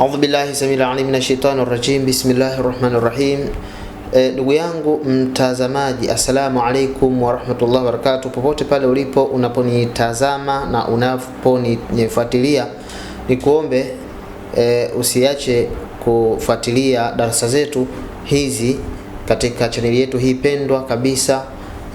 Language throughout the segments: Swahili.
A'udhu billahi samil alim minash shaitani rajim. Bismillahir rahmanir rahim. E, ndugu yangu mtazamaji, assalamu alaikum warahmatullahi wabarakatuh, popote pale ulipo unaponitazama na unaponifuatilia, nikuombe e, usiache kufuatilia darasa zetu hizi katika chaneli yetu hii pendwa kabisa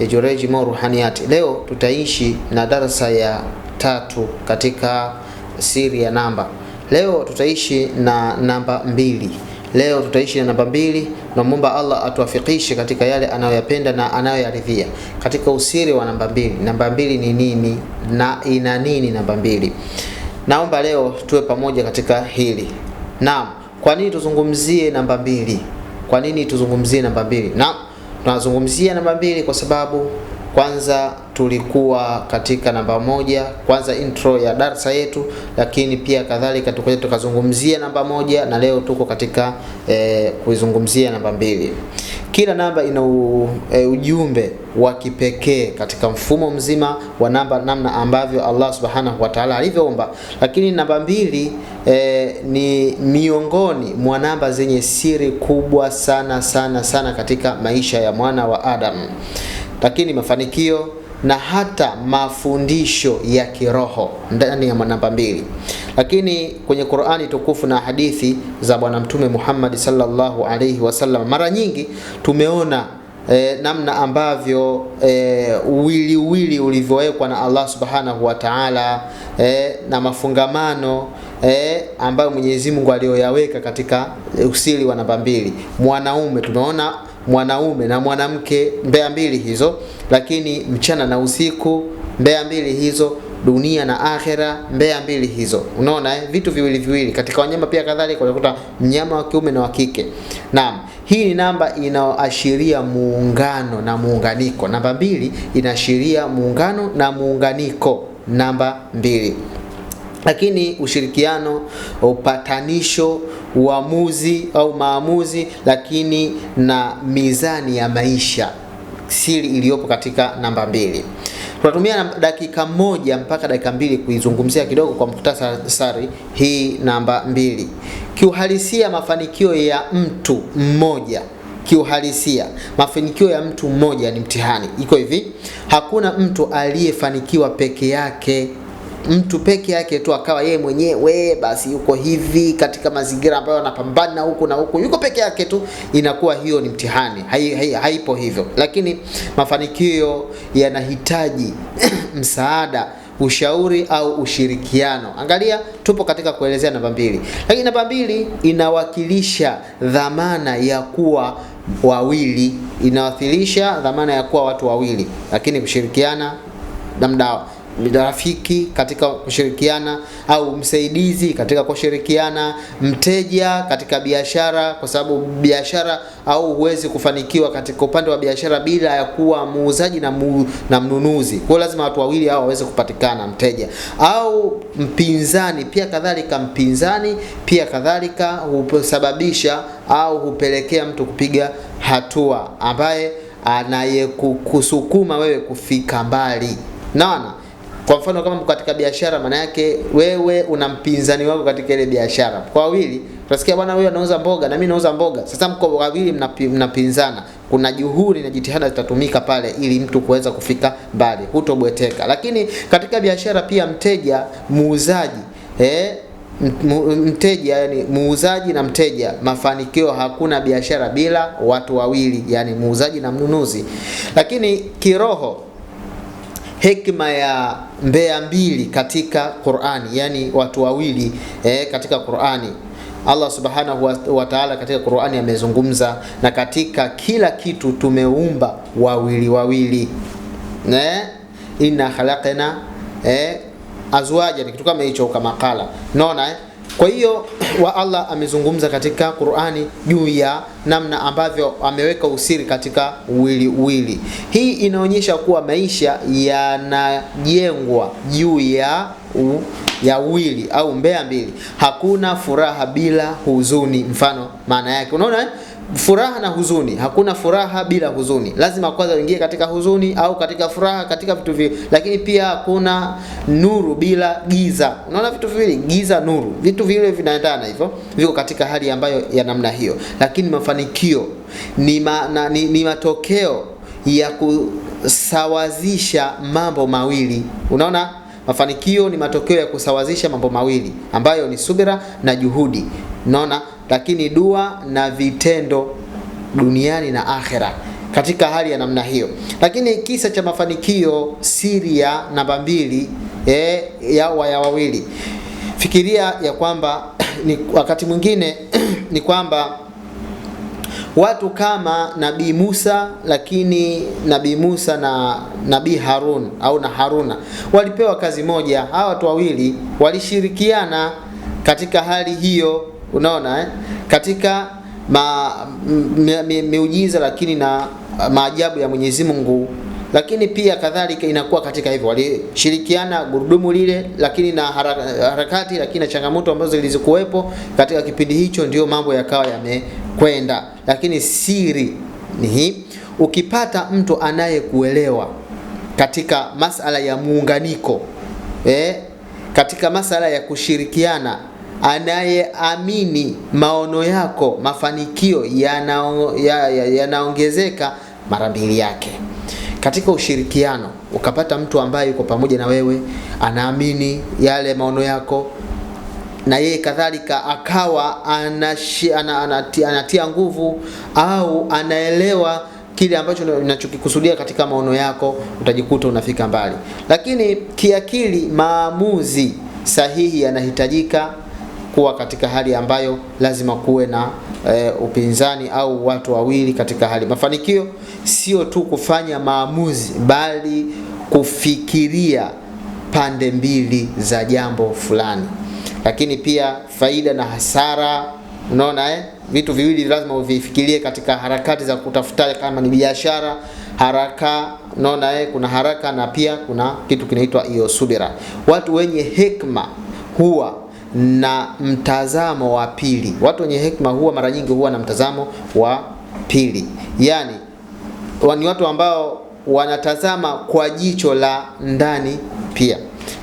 ya Jureej Mo Ruhaniyat. Leo tutaishi na darasa ya tatu katika siri ya namba Leo tutaishi na namba mbili. Leo tutaishi na namba mbili. Namwomba Allah atuafikishe katika yale anayoyapenda na anayoyaridhia, katika usiri wa namba mbili. Namba mbili ni nini na ina nini namba mbili? Naomba leo tuwe pamoja katika hili. Naam, kwa nini tuzungumzie namba mbili? Kwa nini tuzungumzie namba mbili? Naam, tunazungumzia namba mbili kwa sababu kwanza tulikuwa katika namba moja, kwanza intro ya darsa yetu, lakini pia kadhalika tukaja tukazungumzia namba moja na leo tuko katika e, kuizungumzia namba mbili. Kila namba ina u, e, ujumbe wa kipekee katika mfumo mzima wa namba, namna ambavyo Allah subhanahu wa taala alivyoumba, lakini namba mbili e, ni miongoni mwa namba zenye siri kubwa sana sana sana katika maisha ya mwana wa Adam lakini mafanikio na hata mafundisho ya kiroho ndani ya namba mbili. Lakini kwenye Qur'ani tukufu na hadithi za Bwana Mtume Muhammad sallallahu alaihi wasallam mara nyingi tumeona e, namna ambavyo e, uwili uwili ulivyowekwa na Allah subhanahu wa ta'ala e, na mafungamano E, ambayo Mwenyezi Mungu aliyoyaweka katika usiri wa namba mbili. Mwanaume tumeona mwanaume na mwanamke, mbea mbili hizo, lakini mchana na usiku, mbea mbili hizo, dunia na akhera, mbea mbili hizo. Unaona eh? Vitu viwili viwili. Katika wanyama pia kadhalika unakuta mnyama wa kiume na wa kike. Naam, hii ni namba inayoashiria muungano na muunganiko. Namba mbili inaashiria muungano na muunganiko. Namba mbili lakini ushirikiano, upatanisho, uamuzi au maamuzi, lakini na mizani ya maisha, siri iliyopo katika namba mbili. Tunatumia dakika moja mpaka dakika mbili kuizungumzia kidogo kwa muhtasari hii namba mbili. Kiuhalisia, mafanikio ya mtu mmoja Kiuhalisia, mafanikio ya mtu mmoja ni mtihani. Iko hivi, hakuna mtu aliyefanikiwa peke yake mtu peke yake tu akawa yeye mwenyewe basi yuko hivi katika mazingira ambayo anapambana huku na huku, yuko peke yake tu, inakuwa hiyo ni mtihani. Hai, hai, haipo hivyo, lakini mafanikio yanahitaji msaada ushauri au ushirikiano. Angalia, tupo katika kuelezea namba mbili, lakini namba mbili inawakilisha dhamana ya kuwa wawili, inawakilisha dhamana ya kuwa watu wawili, lakini kushirikiana na mdawa rafiki katika kushirikiana, au msaidizi katika kushirikiana, mteja katika biashara, kwa sababu biashara au huwezi kufanikiwa katika upande wa biashara bila ya kuwa muuzaji na, mu, na mnunuzi. Kwa lazima watu wawili hao waweze kupatikana, mteja au mpinzani. Pia kadhalika mpinzani pia kadhalika husababisha au hupelekea mtu kupiga hatua ambaye anayekusukuma wewe kufika mbali. Naona kwa mfano kama katika biashara, maana yake wewe una mpinzani wako katika ile biashara. Kwa wawili utasikia bwana, wewe anauza mboga na mimi nauza mboga. Sasa mko wawili mnapinzana, kuna juhudi na jitihada zitatumika pale ili mtu kuweza kufika mbali, hutobweteka. Lakini katika biashara pia mteja muuzaji, eh, mteja yani muuzaji na mteja, mafanikio. Hakuna biashara bila watu wawili, yani muuzaji na mnunuzi. Lakini kiroho hekima ya mbea mbili katika Qur'ani, yani watu wawili eh, katika Qur'ani. Allah subhanahu wa ta'ala katika Qur'ani amezungumza, na katika kila kitu tumeumba wawili wawili, ne eh, inna khalaqna eh, azwaja ni kitu kama hicho, kama kala naona eh? Kwa hiyo wa Allah amezungumza katika Qur'ani juu ya namna ambavyo ameweka usiri katika wili uwili. Hii inaonyesha kuwa maisha yanajengwa juu ya u, ya uwili au mbea mbili. Hakuna furaha bila huzuni, mfano maana yake unaona eh? furaha na huzuni. Hakuna furaha bila huzuni, lazima kwanza uingie katika huzuni au katika furaha, katika vitu vile. Lakini pia hakuna nuru bila giza. Unaona vitu vile, giza, nuru, vitu vile vinaendana, hivyo viko katika hali ambayo ya namna hiyo. Lakini mafanikio ni, ma, na, ni, ni matokeo ya kusawazisha mambo mawili. Unaona, mafanikio ni matokeo ya kusawazisha mambo mawili ambayo ni subira na juhudi. Unaona lakini dua na vitendo duniani na akhera katika hali ya namna hiyo. Lakini kisa cha mafanikio, siri ya namba mbili eh, ya waya wawili, fikiria ya kwamba ni wakati mwingine ni kwamba watu kama Nabii Musa, lakini Nabii Musa na Nabii Harun au na Haruna walipewa kazi moja. Hawa watu wawili walishirikiana katika hali hiyo unaona eh? katika ma, m, miujiza lakini na maajabu ya Mwenyezi Mungu lakini pia kadhalika inakuwa katika hivyo walishirikiana gurudumu lile, lakini na harakati, lakini na changamoto ambazo zilizokuwepo katika kipindi hicho, ndio mambo yakawa yamekwenda. Lakini siri ni hii, ukipata mtu anayekuelewa katika masala ya muunganiko eh, katika masala ya kushirikiana anayeamini maono yako mafanikio yanaongezeka ya, ya, ya mara mbili yake. Katika ushirikiano ukapata mtu ambaye yuko pamoja na wewe anaamini yale maono yako na yeye kadhalika akawa anashi, ana, anatia, anatia nguvu au anaelewa kile ambacho unachokikusudia katika maono yako, utajikuta unafika mbali. Lakini kiakili, maamuzi sahihi yanahitajika kuwa katika hali ambayo lazima kuwe na e, upinzani au watu wawili katika hali. Mafanikio sio tu kufanya maamuzi, bali kufikiria pande mbili za jambo fulani. Lakini pia faida na hasara, unaona eh? Vitu viwili lazima uvifikirie katika harakati za kutafuta, kama ni biashara haraka, unaona eh? Kuna haraka na pia kuna kitu kinaitwa hiyo subira. Watu wenye hekma huwa na mtazamo wa pili. Watu wenye hekima huwa mara nyingi huwa na mtazamo wa pili, yaani ni watu ambao wanatazama kwa jicho la ndani pia.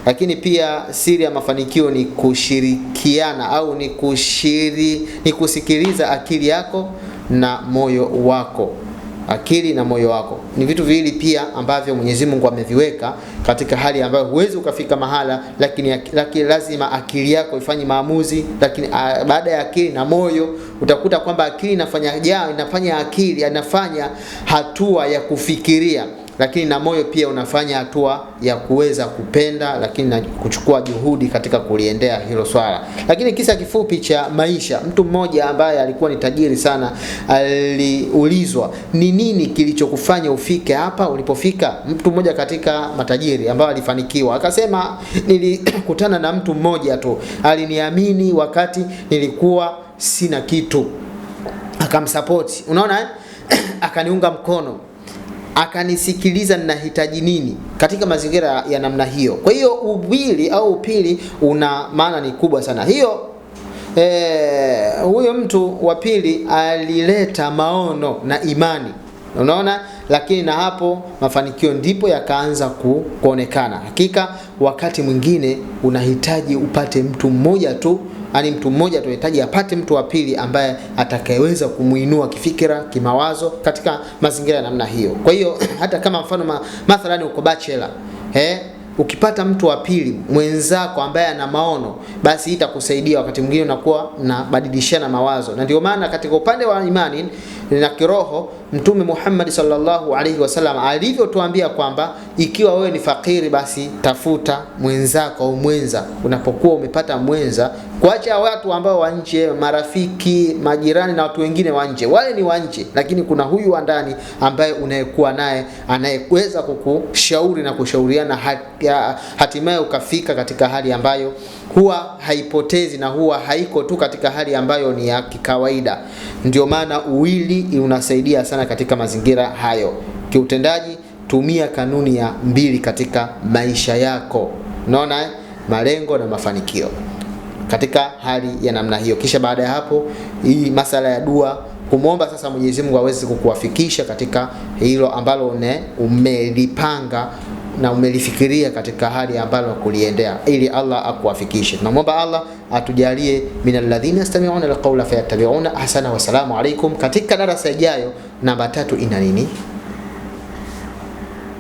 Lakini pia siri ya mafanikio ni kushirikiana au ni kushiri, ni kusikiliza akili yako na moyo wako akili na moyo wako ni vitu viwili pia ambavyo Mwenyezi Mungu ameviweka katika hali ambayo huwezi ukafika mahala, lakini, lakini lazima akili yako ifanye maamuzi. Lakini baada ya akili na moyo, utakuta kwamba akili inafanya ja, inafanya akili inafanya hatua ya kufikiria lakini na moyo pia unafanya hatua ya kuweza kupenda, lakini na kuchukua juhudi katika kuliendea hilo swala. Lakini kisa kifupi cha maisha, mtu mmoja ambaye alikuwa ni tajiri sana aliulizwa, ni nini kilichokufanya ufike hapa ulipofika? Mtu mmoja katika matajiri ambaye alifanikiwa akasema, nilikutana na mtu mmoja tu aliniamini wakati nilikuwa sina kitu, akamsapoti. Unaona eh? akaniunga mkono akanisikiliza ninahitaji nini katika mazingira ya namna hiyo. Kwa hiyo upili au upili una maana ni kubwa sana hiyo. E, huyo mtu wa pili alileta maono na imani, unaona, lakini na hapo mafanikio ndipo yakaanza kuonekana. Hakika wakati mwingine unahitaji upate mtu mmoja tu yani mtu mmoja tunahitaji apate mtu wa pili ambaye atakayeweza kumuinua kifikira, kimawazo katika mazingira ya namna hiyo. Kwa hiyo hata kama mfano ma, mathalani uko bachelor eh, ukipata mtu wa pili mwenzako ambaye ana maono, basi itakusaidia. Wakati mwingine unakuwa mnabadilishana mawazo, na ndio maana katika upande wa imani na kiroho Mtume Muhammad sallallahu alaihi wasallam alivyotuambia kwamba ikiwa wewe ni fakiri, basi tafuta mwenzako au mwenza. Unapokuwa umepata mwenza, kuacha watu ambao wa nje, marafiki, majirani na watu wengine wa nje, wale ni wa nje, lakini kuna huyu wa ndani ambaye unayekuwa naye, anayeweza kukushauri na kushauriana, hatimaye ukafika katika hali ambayo huwa haipotezi na huwa haiko tu katika hali ambayo ni ya kikawaida. Ndio maana uwili unasaidia sana katika mazingira hayo. Kiutendaji, tumia kanuni ya mbili katika maisha yako, unaona, eh? malengo na mafanikio katika hali ya namna hiyo. Kisha baada ya hapo, hii masala ya dua kumwomba sasa Mwenyezi Mungu aweze kukuwafikisha katika hilo ambalo umelipanga na umelifikiria katika hali ambayo kuliendea, ili Allah akuwafikishe. Tunamwomba Allah atujalie alladhina yastami'una alqawla fayattabi'una ahsana. Wassalamu alaikum. Katika darasa ijayo namba tatu ina nini?